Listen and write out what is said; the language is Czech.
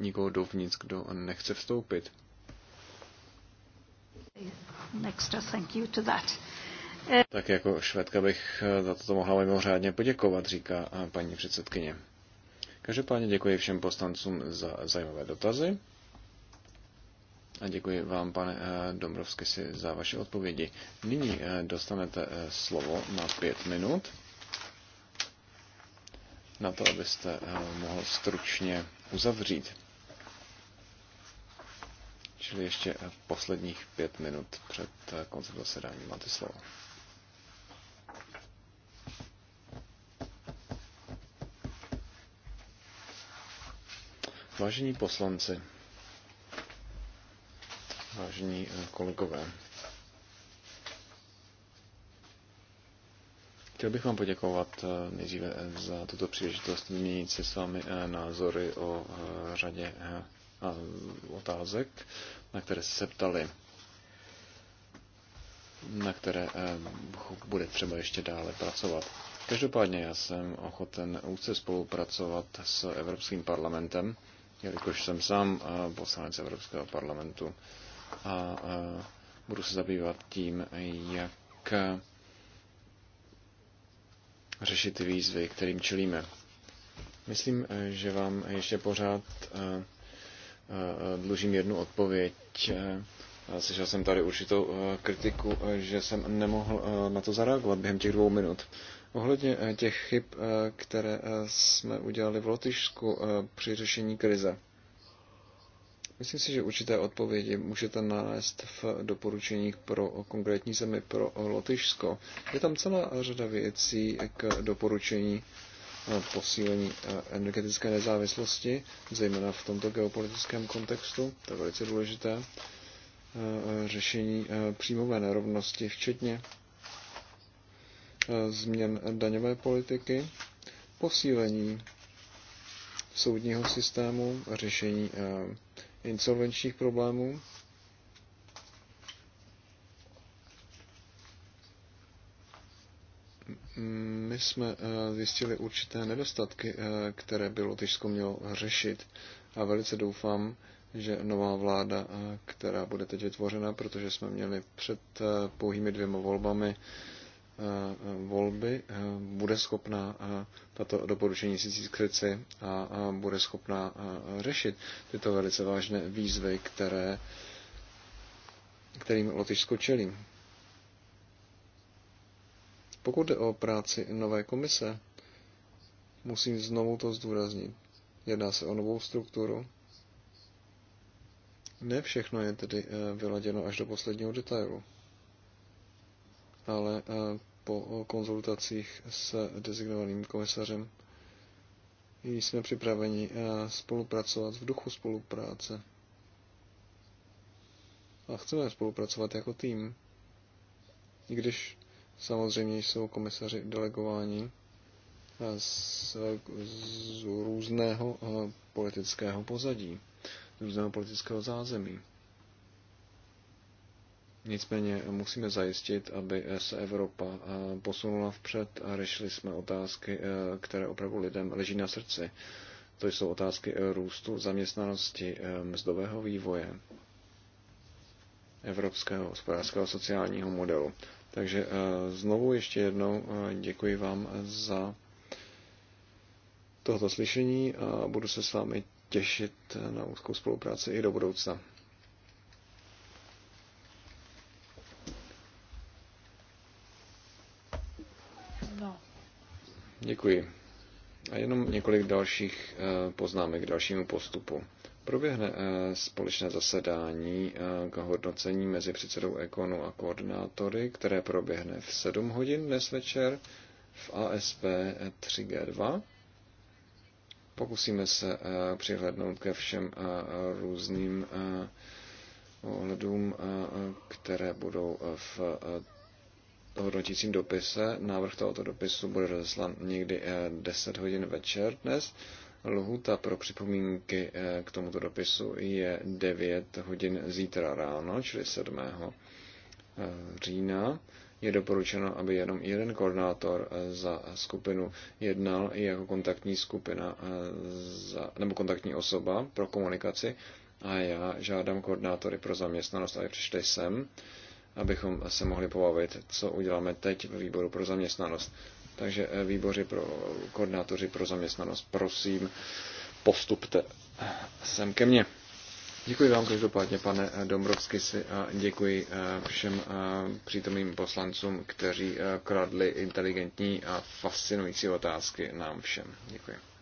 nikoho dovnitř, kdo nechce vstoupit. Extra thank you to that. Tak jako švédka bych eh, za to mohla mimořádně poděkovat, říká eh, paní předsedkyně. Každopádně děkuji všem poslancům za zajímavé dotazy a děkuji vám, pane eh, Dombrovsky, si za vaše odpovědi. Nyní dostanete slovo na pět minut na to, abyste mohl stručně uzavřít. Čili ještě eh, posledních pět minut před eh, koncem zasedání máte slovo. Vážení poslanci, vážení eh, kolegové, Chtěl bych vám poděkovat eh, nejdříve eh, za tuto příležitost měnit se s vámi eh, názory o řadě otázek, na které jste se ptali, na které bude třeba ještě dále pracovat. Každopádně já jsem ochoten úzce spolupracovat s Evropským parlamentem, jelikož jsem sám poslanec Evropského parlamentu a budu se zabývat tím, jak řešit výzvy, kterým čelíme. Myslím, eh, že vám ještě pořád eh, eh, dlužím jednu odpověď. Slyšel jsem tady určitou kritiku, že jsem nemohl na to zareagovat během těch dvou minut. Ohledně těch chyb, které jsme udělali v Lotyšsku při řešení krize. Myslím si, že určité odpovědi můžete nalézt v doporučeních pro konkrétní zemi, pro Lotyšsko. Je tam celá řada věcí k doporučení eh, posílení eh, energetické nezávislosti, zejména v tomto geopolitickém kontextu, to je velice důležité, eh, řešení příjmové nerovnosti, včetně změn daňové politiky, posílení soudního systému, řešení insolvenčních problémů. My jsme eh, zjistili určité nedostatky, eh, které bylo Lotyšsko mělo řešit a velice doufám, že nová vláda, eh, která bude teď vytvořena, protože jsme měli před pouhými dvěma volbami Eh, volby eh, bude schopna eh, tato doporučení si získat si a bude schopna řešit tyto velice vážné výzvy, které, kterým Lotyšsko čelí. Pokud jde o práci nové komise, musím znovu to zdůraznit. Jedná se o novou strukturu. Ne všechno je tedy vyladěno až do posledního detailu ale eh, po eh, konzultacích s designovaným komisařem jsme připraveni eh, spolupracovat v duchu spolupráce. A chceme spolupracovat jako tým, i když samozřejmě jsou komisaři delegováni z, z různého politického pozadí, z různého politického zázemí. Nicméně musíme zajistit, aby se Evropa eh, posunula vpřed a řešili jsme otázky, eh, které opravdu lidem leží na srdci. To jsou otázky eh, růstu, zaměstnanosti, mzdového vývoje, evropského hospodářského sociálního modelu. Takže znovu ještě jednou děkuji vám za tohoto slyšení a budu se s vámi těšit na úzkou spolupráci i do budoucna. Děkuji. A jenom několik dalších eh, poznámek k dalšímu postupu. Proběhne eh, společné zasedání eh, k hodnocení mezi předsedou Ekonu a koordinátory, které proběhne v 7 hodin dnes večer v ASP 3G2. Pokusíme se přihlednout ke všem různým ohledům, které budou v hodnotícím dopise. Návrh tohoto dopisu bude rozeslán někdy 10 eh, hodin večer dnes. Lhuta pro připomínky eh, k tomuto dopisu je 9 hodin zítra ráno, čili 7. Eh, října. Je doporučeno, aby jenom jeden koordinátor za skupinu jednal i jako kontaktní skupina za, nebo kontaktní osoba pro komunikaci. A já žádám koordinátory pro zaměstnanost, aby přišli sem abychom se mohli pobavit, co uděláme teď ve výboru pro zaměstnanost. Takže eh, výboři pro koordinátoři pro zaměstnanost, prosím, postupte sem ke mně. Děkuji vám každopádně, pane eh, Dombrovsky, a děkuji eh, všem přítomným poslancům, kteří kradli inteligentní a fascinující otázky nám všem. Děkuji.